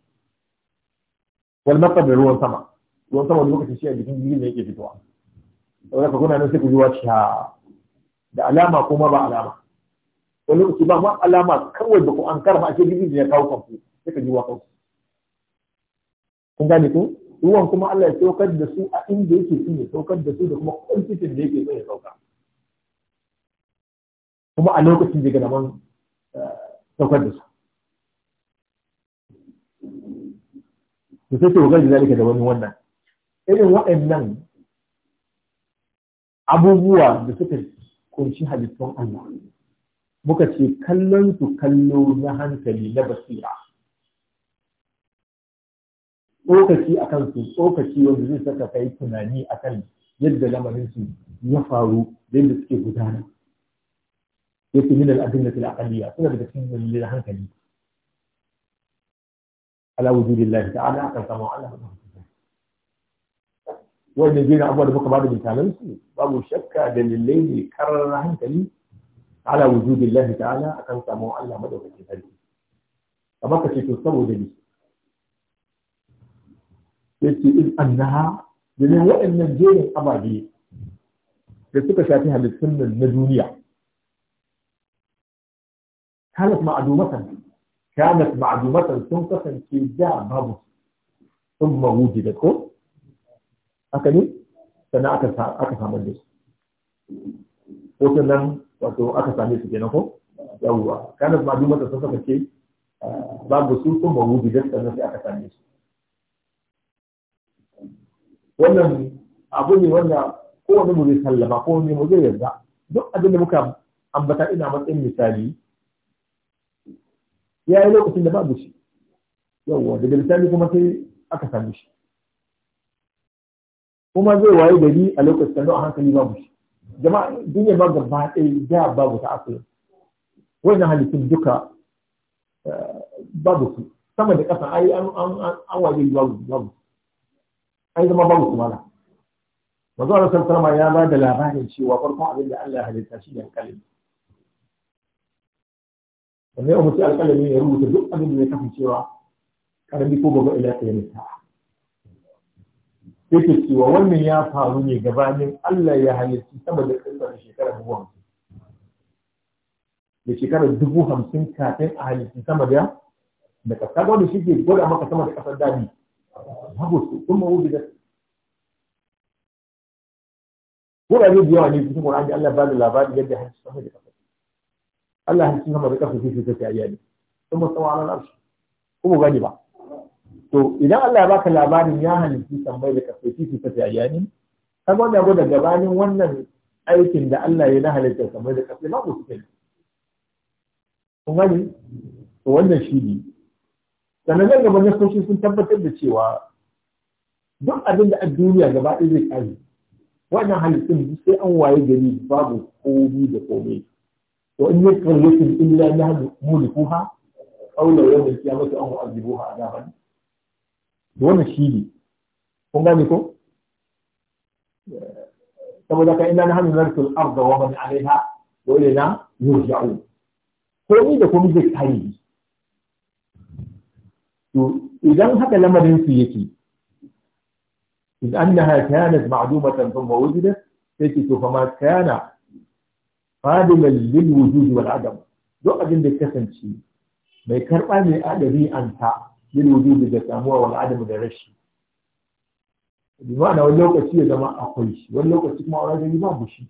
wani makar da ruwan sama ruwan sama wani lokaci shi a jikin jirgin da yake fitowa Da ka kuna nan sai ku ji wace da alama ko ma ba alama wani lokaci ba ma alama kawai ba ku an karma a ce jirgin da ya kawo kanku sai ka ji wa kun gane ko ruwan kuma Allah ya saukar da su a inda yake son ne saukar da su da kuma kwantitin da yake zai sauka kuma a lokacin da gadaman eh, saukar da su to sai ko gaji zalika da wani wannan irin waɗannan abubuwa da suka kunshi halittun Allah muka ce kallon su kallo na hankali na basira tsokaci a kansu tsokaci wanda zai saka kai tunani a kan yadda lamarin su ya faru yadda suke gudana yake min al-adillati al-aqliyya suna daga cikin dalilin hankali ala wujudillahi ta'ala aka wa Allah wannan gina abubuwa da muka bada misalan su babu shakka dalilai ne karar hankali ala wujudillahi ta'ala akan wa Allah madaukakin sarki kamar ka ce to saboda ni sai ce in annaha domin waɗannan jerin ababe da suka shafi halittun nan na duniya kanat ma'adumatan kanat ma'adumatan sun kasance da babu sun mawuji da ko haka ne sannan aka samar da su ko sannan wato aka same su kenan ko yawwa kanat ma'adumatan sun kasance babu su sun mawuji da sannan sai aka same su wannan abu ne wanda kowane mu zai sallama ne mu zai yarda duk abin da muka ambata ina matsayin misali ya yi lokacin da babu shi yawwa daga misali kuma sai aka sami shi kuma zai waye gari a lokacin da a hankali babu shi jama'a duniya ba gaba ɗaya da babu ta asali wannan halittun duka eh, babu su sama da ƙasa ai an waje babu babu ai zama babu su mana manzo ya ba da labarin cewa farkon abin da Allah ya halitta shi ne kalbi wanda ya umarci ya rubuta duk abin da ya kafin cewa karami ko babba ila ta yanka yake cewa wannan ya faru ne gabanin Allah ya halitta sama da ƙasar shekara dubu hamsin da shekarar dubu hamsin kafin a halitta sama da da ƙasa wanda shi ke gwada maka sama da kasar dadi babu su sun mawu da wurare da yawa ne cikin Qur'ani Allah ba da labari yadda hanci sama da kafa Allah hanci sama da kafa shi take ayyani kuma tsawa nan arshi kuma gani ba to idan Allah ya baka labarin ya halitta tambayi da kafa shi take ayyani kaga wannan gwada gabanin wannan aikin da Allah ya na halitta tambayi da kafa ba ku take kun gani to wannan shi ne sannan nan gaban nasoshi sun tabbatar da cewa duk abin da a duniya gaba ɗaya zai kare wannan halittun sai an waye gari babu komi da komai to in yi kallatin illa na mulkuha aula yawon kiyamata an wa'azibuha a gaban wannan shi ne kun gane ko saboda ka ina na hannun zartul arda wa man alaiha wa ilaina yurja'un komi da komi zai kare idan haka lamarin su yake in annaha kanat ma'dumatan thumma wujidat sai ki to kayana. kana fadilan lil wujud wal adam abin da kasance mai karba ne adami an ta lil wujud da samuwa wal adam da rashi bimana wani lokaci ya zama akwai shi wani lokaci kuma wani ba babu shi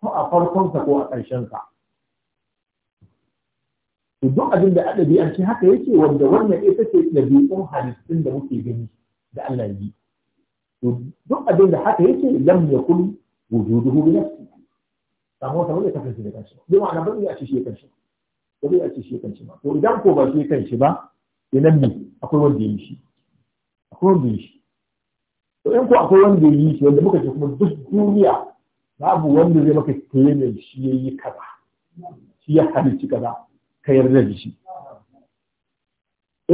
ko a farkon sa ko a ƙarshen ka. to duk abin da adabi an ce haka yake wanda wannan ita ce ɗabi'un halittun da muke gani da Allah yi to duk abin da haka yake lam yakul wujuduhu bi nafsi samu ta wanda ta kasance da kanshi bi ma'ana ba zai a ce shi ya kanshi ba zai a ce shi ya kanshi ba to idan ko ba shi ya kanshi ba idan ne akwai wanda ya yi shi akwai wanda ya yi shi to in ko akwai wanda ya yi shi wanda muka ce kuma duk duniya babu wanda zai maka tayyana shi ya yi kaza shi ya halici kaza ka yarda da shi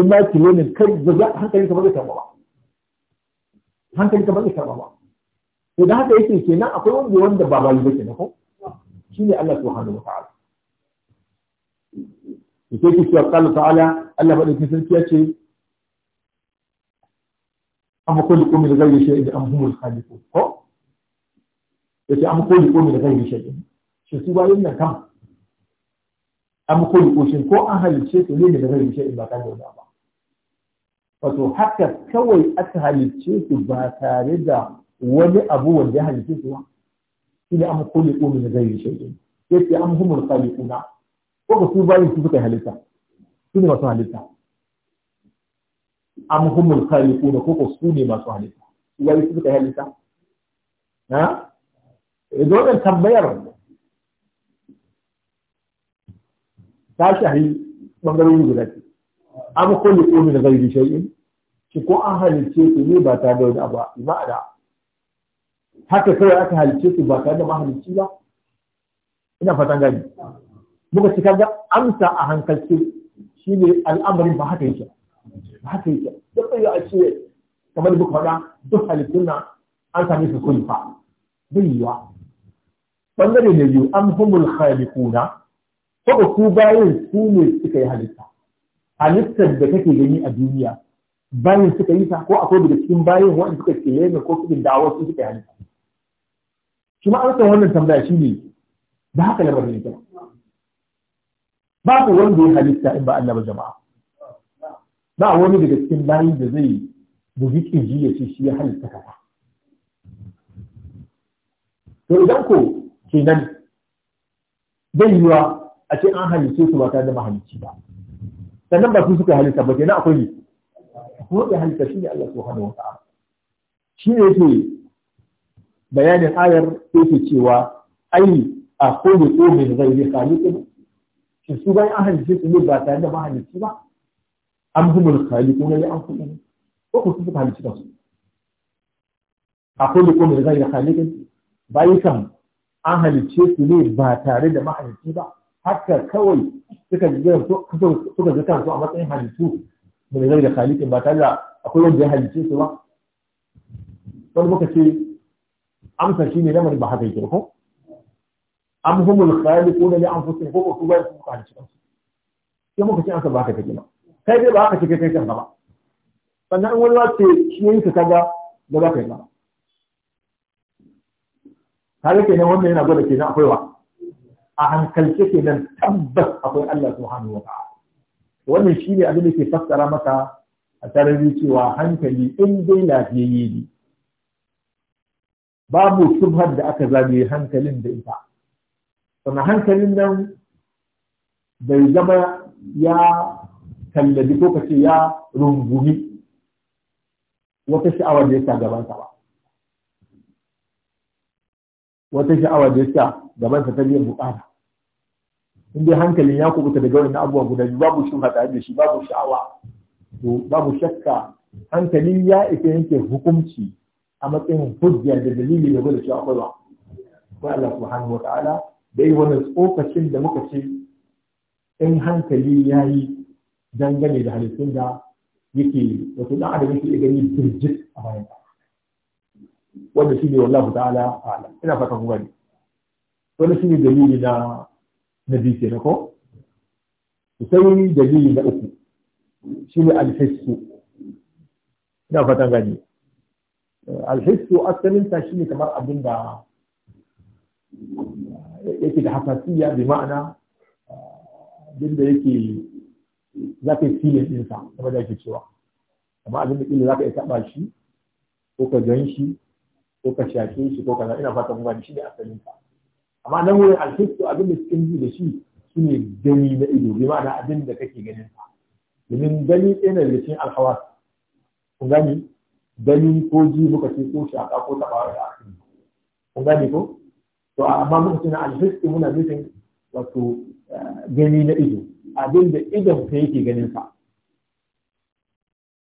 in ma ne kai ba za hankali ka ba zai karba ba hankali ka ba zai karba ba to da haka yake kenan akwai wanda wanda ba bayi ba kenan ko shine Allah subhanahu wa ta'ala yake ki cewa Allah ta'ala Allah ba da sarki ya ce am khuliqu yi ghayri da am humul khaliqun ko yace am khuliqu min ghayri shay'in shi su bayin nan kama an ko koshin ko an halice su ne da zai bishe in ba tare da ba wato haka kawai aka halice su ba tare da wani abu wanda ya halice su ba shi ne an ko koshin da zai bishe in yace an humul kuna ko ka su bayan su suka halitta su ne masu halitta am humul kuna ko ko su ne masu halitta su bayin su suka halitta ha idan wani tambayar ta shahi bangarori guda ce an kulli qawmin da ghairi shay'in shi ko an halice su ne ba tare da wani abu da haka kawai aka halice su ba tare da mahalicci ba ina fatan gani muka ci kaga amsa a shi shine al'amarin ba haka yake ba haka yake da bai a ce kamar duk faɗa duk halittun na an same su kulfa bai yiwa bangare ne biyu an humul khaliquna saboda su bayan su ne suka yi halitta halittar da kake gani a duniya bayan suka yi ta ko akwai daga cikin bayan wanda suka ke ko suka dawo su suka yi halitta shi ma an wannan tambaya shi ne da haka lamarin Ba babu wanda ya halitta in ba Allah ba jama'a ba wani daga cikin bayan da zai buji kirji ya ce shi ya halitta kaza to idan ko kenan zai yiwa a ce an halice su ba tare da mahalicci ba sannan ba su suka halitta ba kenan akwai ne ko da halitta ne Allah subhanahu wa ta'ala shi ne yake bayanin ayar yake cewa ai a kullu qumin ghairi khaliqin shi su bayan an halice su ne ba tare da mahalicci ba am humul khaliquna li anfusihim ko ku suka halice su a kullu qumin ghairi khaliqin bayan an halice su ne ba tare da mahalicci ba haka kawai suka ji kansu a matsayin halittu da zai da halittin ba tare da akwai wanda ya halicce su ba wani muka ce amsa shi ne lamarin ba haka yake ko am humul khaliquna an anfusihim ko su ba su ka halicce kansu sai muka ce amsa ba haka take ba kai dai ba haka take kai kan ba sannan wani ya ce shi ne ka kaga da ba kai ba har nan wannan yana gwada kenan akwai wa a hankalce ke nan tabbas akwai Allah subhanahu wa ta'ala wannan ne abin da ke fassara maka a sarari cewa hankali in dai lafiyayye ne babu subhar da aka zagaye hankalin da ita sannan hankalin nan bai zama ya kallabi ko kace ya rungumi wata sha'awar da ya sa gabansa ba wata sha'awar da ya sa gabansa ta biyan bukata in dai hankalin ya kubuta daga wannan abubuwa guda biyu babu shi hada da shi babu sha'awa to babu shakka hankali ya isa yanke hukunci a matsayin hujja da dalili da gwada shi akwai ba ko Allah subhanahu wataala da yi wannan tsokacin da muka ce in hankali ya yi dangane da halittun da yake wato dan adam yake gani birjit a bayan wanda shi ne wallahu ta'ala a'lam ina fata ku gani wannan shi ne dalili na na biyu ke ko sai dalili na uku shi ne ina fatan gani alhissu asalinsa shi ne kamar abin da yake da hasasiya bi ma'ana abin da yake za ka yi filin ɗinsa kamar da ake cewa amma abin da ƙila ko ka gan ko ka shaƙe shi ina fatan gani shi ne asalinsa amma nan wurin alfisto abin da cikin ji da shi shine gani na ido bi ma'ana abin da kake ganin sa domin gani ɗaya ne daga cikin alhawas kun gani gani ko ji muka ce ko shaka ko taɓawa da aka kun gani ko to amma muka ce na alfisto muna nufin wato eh, gani na ido abin da idon ka yake ganin sa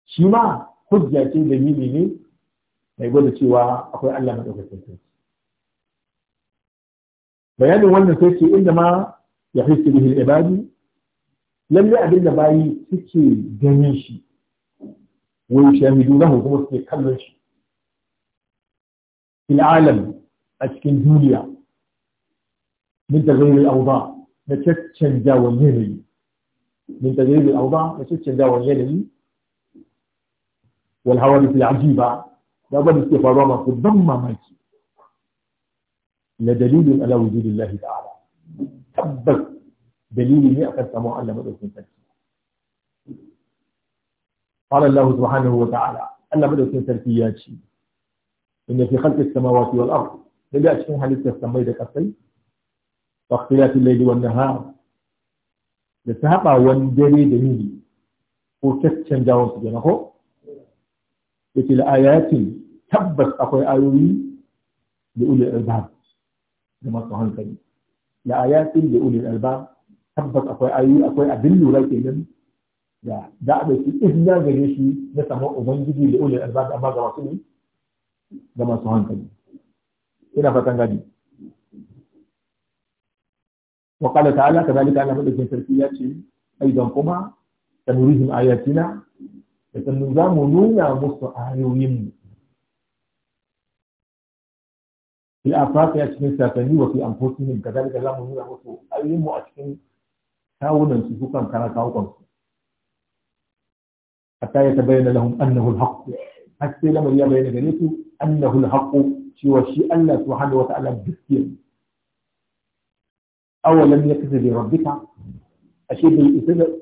shi ma hujja ce da ne mai gwada cewa akwai Allah madaukakin sarki bayanin wannan sai ce inda ma ya fi bihi ibadi lalle abin da bayi suke ganin shi wai shahidu lahu kuma suke kallon shi fil alam a cikin duniya min tagayyur al-awda da caccanja wa yanayi min tagayyur al-awda da caccanja wa yanayi wal hawa al-ajiba da ba da suke faruwa masu ban mamaki لدليل على وجود الله تعالى تبت دليل لي أخذت معلمة أخذ من تركيب قال الله سبحانه وتعالى أن بدأ من تركيبات شيء إن في خلق السماوات والأرض لدي أشكين حديث يستمعي ذلك الصيف فاختلاف الليل والنهار لسهبا وانجري دليل وكتشن جاون سجنه يتي الآيات تبت أخوي آيوي لأولي الألباب da masu hankali la ayatin da ulil alba tabbas akwai ayoyi akwai abin lura kenan da da a ɗauki izina gare shi na samu ubangiji da ulil alba da amma ga masu ne ga masu hankali ina fatan gadi wa qala ta'ala kadhalika ana madaukin sarki ya ce aidan kuma tanurihim ayatina da sanu za nuna musu ayoyin mu في أفراد أشخاص ساكني وفي أنفسهم كذلك الله مهيرا وسوء أي مؤشر كون سيسوكا كان كاوكا حتى يتبين لهم أنه الحق حتى لما يبين ذلك أنه الحق سوى شيء الله سبحانه وتعالى بسكين أولم يكفي بربك أشيء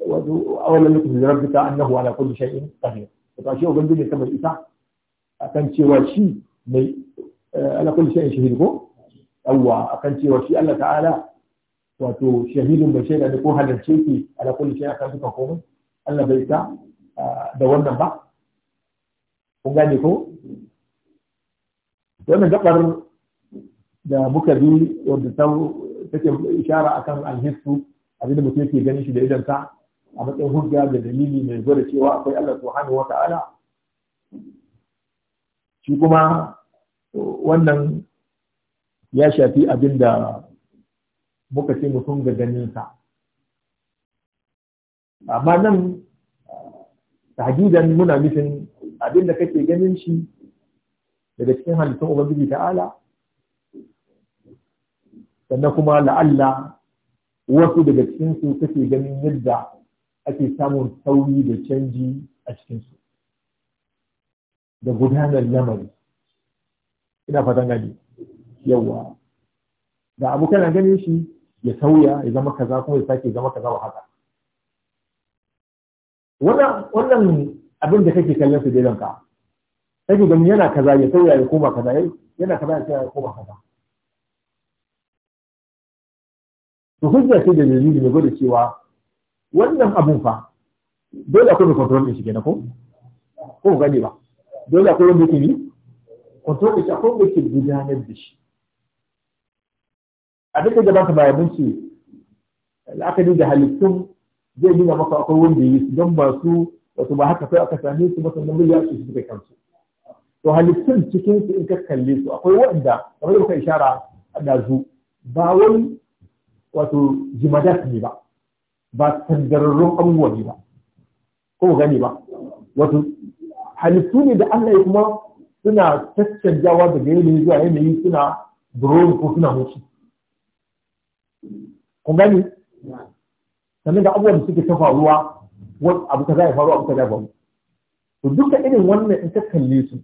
أولم يكفي بربك أنه على كل شيء قدير فأشيء بندن كما الإساء أكن شوى شيء ala kulli shay'in shahid ko yawwa akan cewa shi Allah ta'ala wato shahidun bai shaida ko halarce ki ala kulli shay'in akan duka komai Allah bai ta da wannan ba kun gane ko wannan gabar da muka bi wadda ta take ishara akan alhissu abinda mutum yake ganin shi da idan ta a matsayin hujja da dalili mai gwada cewa akwai Allah subhanahu wa ta'ala shi kuma wannan ya shafi abin da muka ce mutum ga ganinsa amma nan tahdidan muna nufin abin da kake ganin shi daga cikin halittun ubangiji ta'ala sannan kuma la'alla wasu daga cikinsu kake ganin yadda ake samun sauyi da canji a cikinsu da gudanar lamari ina fatan gani yawa da abu kana ganin shi ya sauya ya zama kaza kuma ya sake zama kaza wa haka wannan abin da kake kallon su daidan ka kake ganin yana kaza ya sauya ya koma kaza yana kaza ya sauya ya koma kaza to hujja ce da dalili ne gwada cewa wannan abun fa dole akwai mai control din shi kenan ko ko gani ba dole akwai wanda yake ni kwanto da shi akwai ke gudanar da shi a duk da baka bayan ce la'akari da halittun zai nuna maka akwai wanda yi su don ba su wato ba haka sai aka same su masu nan ya su suka kansu to halittun cikin su in ka kalle su akwai waɗanda kamar yadda ka ishara a dazu ba wai wato jimadat ne ba ba tangararrun abubuwa ne ba ko gani ba wato halittu ne da Allah ya kuma suna caccanjawa daga yanayi zuwa yanayi suna drone ko suna mutu kun gani sannan da abubuwan da suke ta faruwa abu ta zai faru abu ta zai faru to duka irin wannan in ta kalle su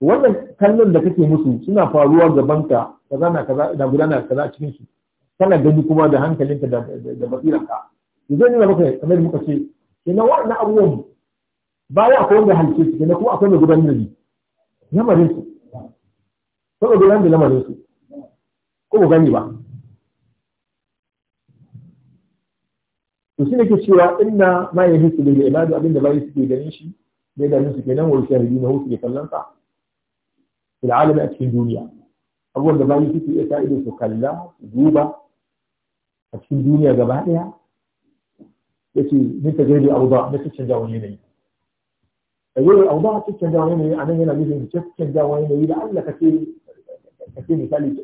wannan kallon da kake musu suna faruwa gaban ka kaza na kaza da gudana kaza cikin su kana gani kuma da hankalinka da da basiranka yanzu ne maka kamar muka ce ina wannan abubuwan baya akwai wanda halice su kenan kuma akwai mai gudanar da lamarin su saboda gudanar da lamarin su ko ba gani ba to shi ke cewa inna ma ya hisu da ibadu abinda bayi suke ganin shi da ya dame su kenan wani shahidi na hutu da kallon sa fil alami a cikin duniya abubuwan da bayi suke iya sa su kalla su duba a cikin duniya gaba daya yace min tajribi awda na cikin jawo yanayi tsayyar auda canjawa yanayi a nan yana nufin canjawa yanayi da Allah ka ce ka ce misali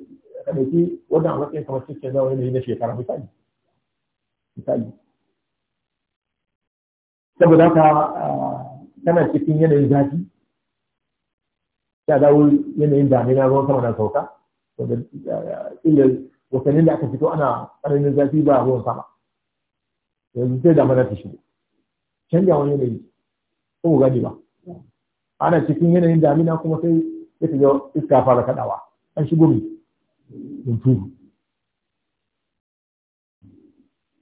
ka ɗauki wannan a matsayin kamar canjawa yanayi na shekara misali misali saboda haka kana cikin yanayin zafi ya dawo yanayin damina ruwan sama na sauka wanda ƙila da aka fito ana ƙaramin zafi ba ruwan sama yanzu sai ta shigo yanayi ko ba ana cikin yanayin damina kuma sai ya ga iska fara kadawa an shigo mai hunturu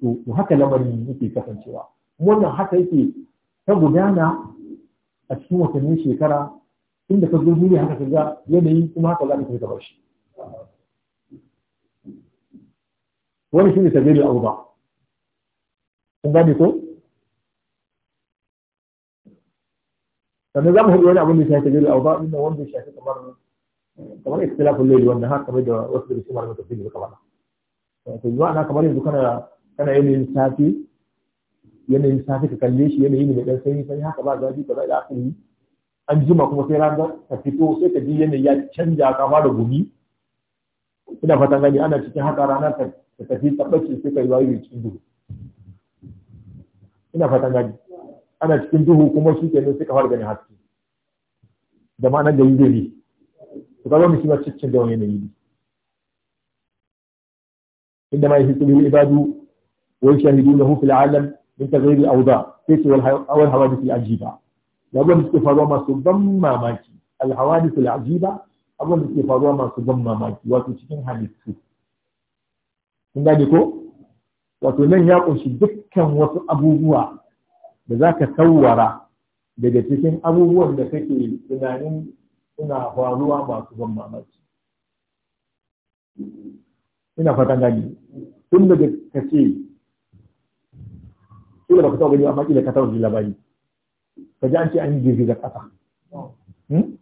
to haka lamarin yake kasancewa wannan haka yake ta gudana a cikin watannin shekara inda ka zo ne haka ka ga yanayi kuma haka za ta bar shi wani shi ne tabiri auba kun gane ko sannu za mu hudu wani abin da shafi gari a ba inda wanda shafi kamar kamar ikhtilafin laili wanda har kamar da wasu da su malamin tafsiri suka faɗa to yi na kamar yanzu kana kana yanayin safi yanayin safi ka kalle shi yanayin mai dan sanyi sanyi haka ba zafi ka da asali an jima kuma sai ranar ka fito sai ka ji yanayi ya canja ka fara gumi ina fatan gani ana cikin haka ranar ka tafi tabbaci sai ka yi wayo cikin duhu ina fatan gani ana cikin duhu kuma su nan suka fara ganin haske da ma nan gari gari to kaga mu shi ma cikin da wani yanayi inda ma yake kullu ibadu wa yashhadunahu fil alam min taghyir awda kace wal awal hawadith al ajiba da suke faruwa masu ban mamaki al hawadith al ajiba abin da suke faruwa masu ban mamaki wato cikin halittu kun gane ko wato nan ya kunshi dukkan wasu abubuwa da za ka tsawara daga cikin abubuwan da kake tunanin suna faruwa masu ban mamaki ina fatan gani tun daga ka ce kila ba ka taɓa gani amma kila ka taɓa ji labari ka ji an ce an yi girgizar ƙasa hmm?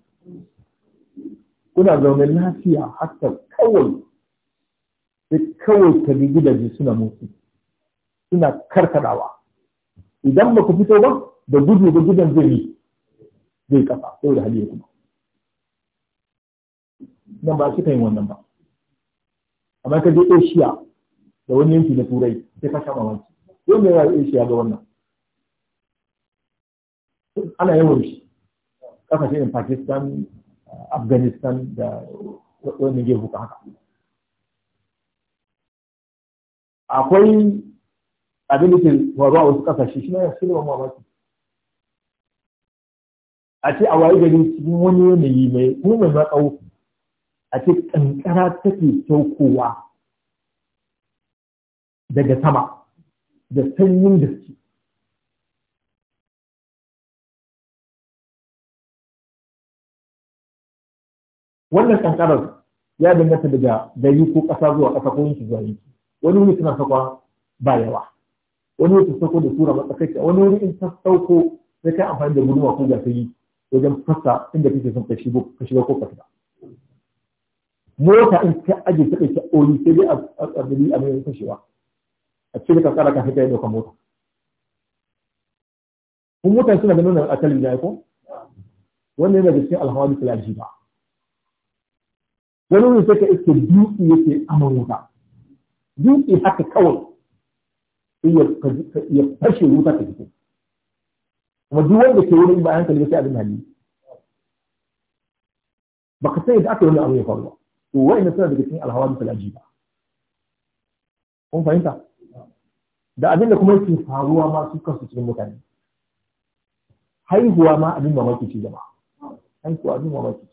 kuna zaune lafiya haka kawai sai kawai ka gidaje suna motsi suna karkadawa idan ba ku fito ba da gudu da gudan zai yi zai kafa da hali kuma nan ba su yin wannan ba amma ka je Asia da wani yanki na Turai sai ka kama wanki yau mai yawa Asia ga wannan ana yawan shi kafashe Pakistan Afghanistan da wani gefu haka akwai abin da ke faruwa wasu kasashe shi ne ya fi mamaki a ce a waye gari cikin wani yanayi mai kuma mai a ce kankara take saukowa daga sama da sanyin gaske wannan kankarar ya danganta daga gari ko ƙasa zuwa ƙasa ko yanki zuwa yanki wani wuni suna sakwa ba yawa wani wata sauko da sura matsakaici a wani wuri in ta sauko sai kai amfani da guduma ko gasari wajen fasa inda kake son ka shiga ko ka fita mota in ta aje ta ɗauki oli sai dai a bili a mai fashewa a ce da kankara ka fita ya ɗauka mota kun mutane suna ganin a kalin da ko wannan yana da cikin da filaji ba wani wuri sai ka iske dutse yake aman wuta dutse haka kawai sai ya fashe wuta ta fito kuma duk wanda ke wurin ba hankali sai abin hali baka sai da aka yi wani abu ya faru ba to wai na suna daga cikin alhawa misal ba. kun fahimta da abin da kuma yake faruwa ma su kansu cikin mutane haihuwa ma abin mamaki ce jama'a haihuwa abin mamaki ce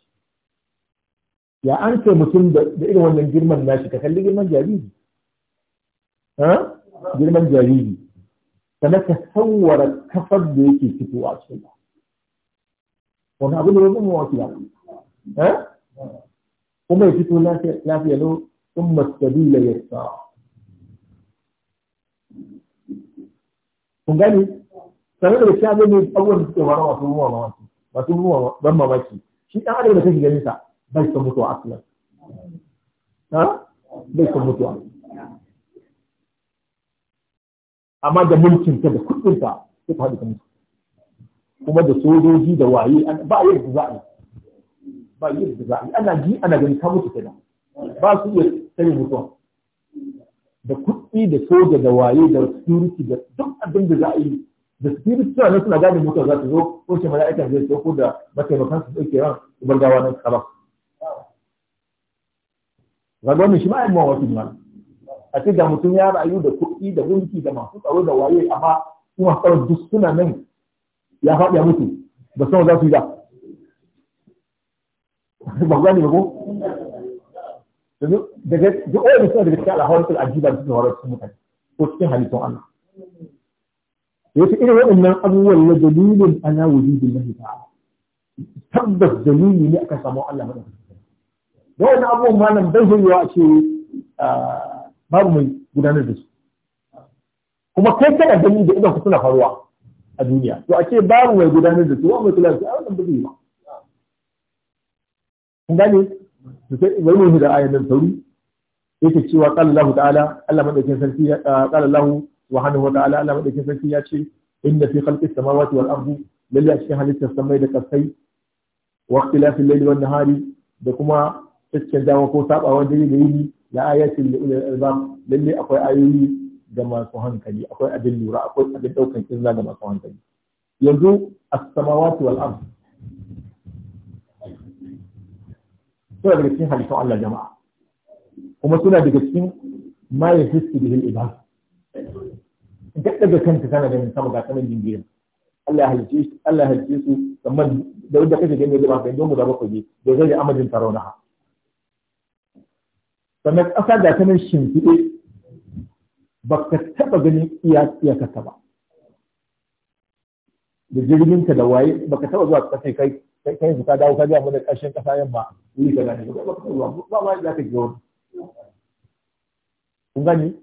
ya an ce mutum da irin wannan girman nashi ka kalli girman jariri ha girman jariri sannan ka tsawara kafar da yake fitowa a cikin wani abu da wani mawaki eh kuma ya fito lafiya lau sun mastabila ya sa kun gani sannan da shi abin ne abubuwan da suke wara wasu ruwa mamaki wasu ruwa ban mamaki shi ɗan adam da kake ganin sa bai san mutuwa asalin bai san mutuwa amma da mulkin ta da kudin ta sai ta haɗu mutu kuma da sojoji da waye ba yadda za a yi ba da za a yi ana ji ana gani ta mutu kenan ba su iya sani mutuwa da kudi da soja da waye da security da duk abin da za a yi da security suna nan suna gane mutuwa za ta zo ko ce mala'ika zai zo ko da mataimakan su ɗauke ran ubar gawa nan kaba. Zaga shi ma'a yi mawa wasu jima'a. a ce ga mutum ya rayu da kuɗi da mulki da masu tsaro da waye amma kuma tsaro duk suna nan ya faɗi mutu ba san za su yi ba ba gani ba ko daga da wani suna daga cikin alhawaratul ajiba da cikin hawaratul mutane ko cikin halittun Allah yace irin waɗannan abubuwan na dalilin ana wujudin lahi ta'ala tabbas dalili ne aka samu Allah madaukakin da wannan abubuwan ma nan malam bai yiwa a ce ah, babu mai gudanar da su kuma kai kana ganin da idan ku suna faruwa a duniya to a ce babu mai gudanar da su wa mai kula da su a wannan ba ne ba kun gane to sai wani mu da ayan nan sauri yake cewa qala Allah ta'ala Allah madaukakin sarki ah, qala Allah subhanahu wa ta'ala Allah madaukakin sarki ya ce inna fi khalqis samawati wal ardi lalle a cikin halittar samai da kasai wa ikhtilafil layli wan nahari da kuma cikin dawo ko sabawa dare da yini la ayatin li ulil albab lalle akwai ayoyi ga masu hankali akwai abin lura akwai abin daukan izina ga masu hankali yanzu as-samawati wal ard suna daga cikin halittun Allah jama'a kuma suna daga cikin ma ya hissu bihil ibad in ka daga kanta kana ganin sama ga saman jingirin Allah ya halice su Allah ya halice su kamar da wanda kake gani da ba ka yi don mu da bakwai ne da zai amadin tarauna sannan ƙasa ga ta nan shimfiɗe ba ka taɓa ganin iyakarta ba da jirginta da waye ba ka taɓa zuwa ƙasai kai kai su ka dawo ka gaya mana ƙarshen ƙasa yamma wuri ka gane ba ka zuwa ba ma za ka ji wani kun gani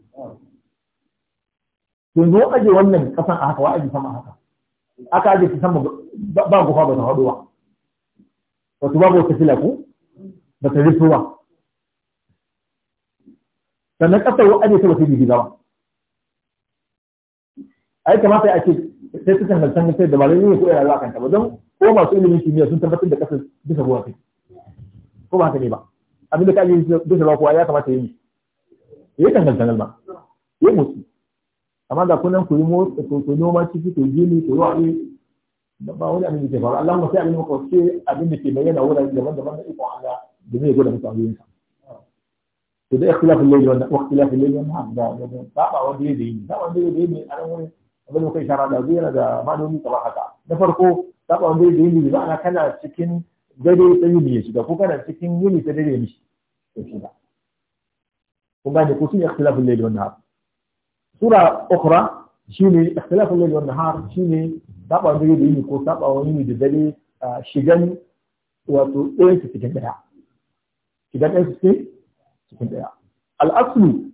yanzu wa aje wannan ƙasan a haka wa aje sama a haka aka aje ta sama ba gufa ba ta haɗuwa wato babu wata fila ku ba ta rufuwa sannan kasar wa aje ta ba ta a yi kamata a ce sai su tantar san sai da ba zai yi ko rayuwa kanta ba don ko masu ilimin kimiyya sun tabbatar da kasar bisa ruwa kai ko ba haka ne ba abin da ka yi bisa ruwa kuwa ya kamata ya yi ya tantar san ba ya motsi amma da kunan ku yi motsi ku noma ciki ko gini ko ruwa ne ba wani abin da ke faru Allah ma sai abin da ke bayyana wurare daban-daban da ikon Allah da zai gwada musu abin sa to da ikhtilafin laili wannan ikhtilafin laili da da yi saba wanda a nan abin da kai shara da zai yana da manomi kamar haka na farko saba wani yake yi ba ana kana cikin dare ta yini ya shiga ko kana cikin yini ta dare ne ya shiga kun gane ko shi ikhtilafin laili wannan sura ukhra shine ikhtilafin laili wannan har shine saba yi ko saba da dare shigan wato ɗaya su cikin ɗaya shigan ɗaya su cikin cikin ɗaya al'aslu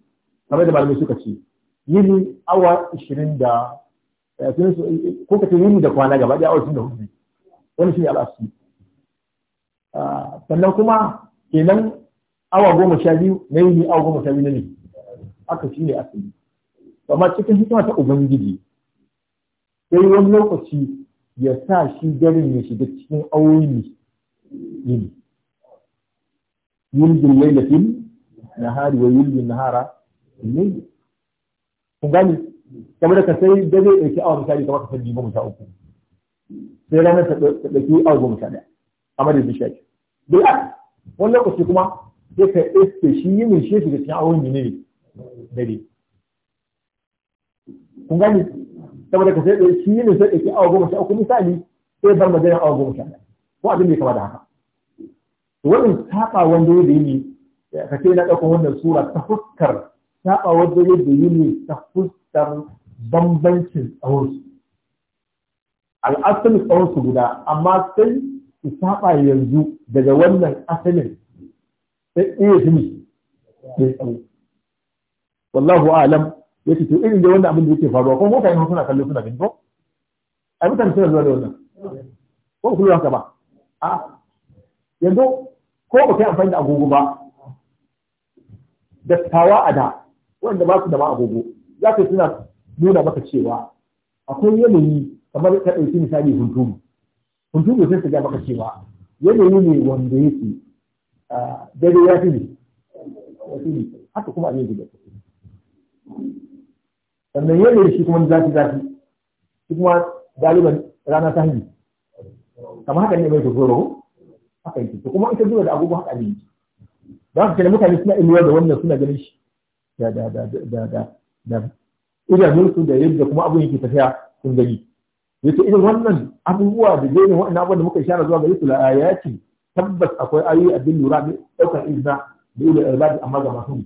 kamar da malamai suka ce yini awa 20 da eh, ko ka yini da kwana gaba ɗaya awa ishirin da hudu wani shi ne al'aslu ah, sannan kuma kenan awa goma sha biyu na yini awa goma sha biyu na ne aka shi ne asali amma cikin hikima ta ubangiji sai wani lokaci ya sa shi garin ya shiga cikin awoyi yini yin billailafin nahari wa yulli nahara ne kungani kamar saboda ka sai zai dauki awa misali kamar ka san goma sha uku sai ranar ta dauki awa goma sha ɗaya amma da sha ce duk a wani lokaci kuma sai ka iske shi yi min shi shiga cikin awon gine ne dare kungani kamar saboda ka sai ɗauki shi yi min sai dauki awa goma sha uku misali sai bar magana awa goma sha ɗaya ko abin da ya kama da haka wannan saɓa wanda ya yi ka ce na ɗauko wannan sura ta fuskar a wajen yadda yi ne ta fuskar bambancin tsawonsu al'asalin tsawonsu guda amma sai su saba yanzu daga wannan asalin sai iya shi ne sai tsawo wallahu alam ya ce to irin da wanda abin da yake faruwa ko mutane suna kalli suna gani ko ai mutane suna zuwa da wannan ko ku lura haka ba a yanzu ko ba kai amfani da agogo ba dattawa a da wanda ba su da ma agogo za ka suna nuna maka cewa akwai yanayi kamar ka ɗauki misali hunturu hunturu sai su ga maka cewa yanayi ne wanda yake dare ya fi ne haka kuma abin da sannan yanayi shi kuma zafi zafi shi kuma galiban rana ta hanyar kamar haka ne mai tafiyar haka yake kuma ita zuwa da agogo haka ne yake ba ka da mutane suna inuwa da wannan suna ganin shi da da da da da da idanunsu da yadda kuma abun yake tafiya sun gani yace irin wannan abubuwa da jerin wannan abubuwan da muka ishara zuwa gare su la ayati tabbas akwai ayoyi abin lura da daukar izna da ulul albab amma ga masu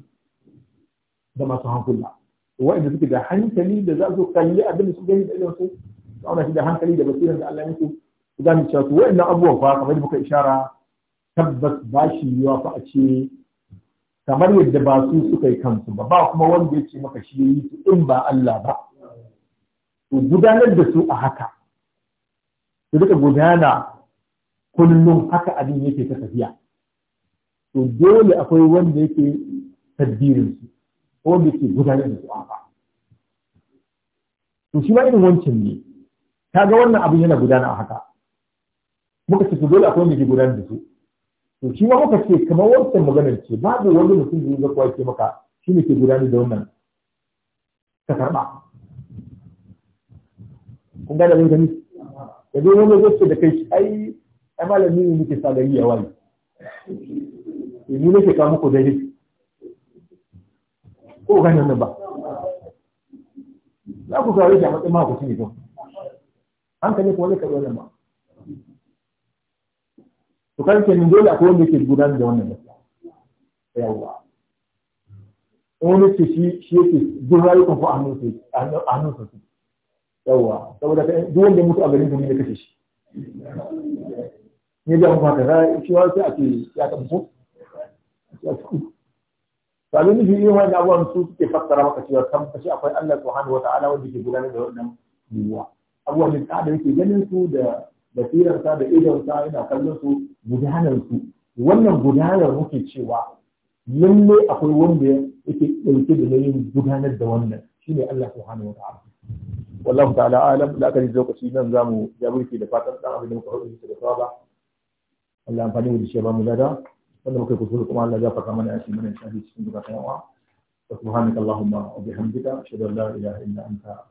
da masu hankula wa'anda suke da hankali da za su kalli abin da su gani da irin su auna shi da hankali da basiran da Allah ya musu za mu cewa su wa'annan abubuwan fa kamar da muka ishara tabbas ba shi yiwa fa a ce kamar yadda ba su suka yi kansu ba ba kuma wanda ya ce maka shi yi su in ba Allah ba to gudanar da su a haka su duka gudana kullum haka abin yake ta tafiya to dole akwai wanda yake tadbirin su ko wanda yake gudanar da su a haka to shi ma irin wancan ne kaga wannan abin yana gudana a haka muka ce to dole akwai wanda ke gudanar da su to shi ma muka ce kamar wancan maganar ce babu wani mutum da ya zakuwa maka shi ne ke gudanar da wannan ka karɓa kun gane abin gani da dai wani zai ce da kai shi ai ai malami ne muke sa gari a wani eh, ni nake kawo muku dai ko gane wannan ba za ku kawo shi a matsayin shi ne to hankali kuma zai karɓi wannan ba to kan kenan dole akwai wanda ke gudanar da wannan da yawa wani ce shi shi yake duk rayukan ko a hannun sa su yawa saboda duk wanda mutu a garin ku ne da kashe shi ne da kuma kaza shi wa sai a ce ya tabu ko to abin nufi irin wannan abubuwan su suke fassara maka cewa kan shi akwai Allah subhanahu wataala wanda ke gudanar da wannan yiwuwa abubuwan da da yake ganin su da basiransa da idonsa yana kallon su gudanar su wannan gudanar muke cewa lalle akwai wanda yake ɗauke da nauyin gudanar da wannan shine Allah subhanahu wata'ala wallahu ta'ala alam da aka ji lokaci nan zamu jabirki da fatan dan abin da muka hudu da saba Allah amfani da shi ba mu lada wanda muka kusuru kuma Allah ya faka mana ya mana shafi cikin gaba ta yawa subhanakallahumma wa bihamdika ashhadu an la ilaha illa anta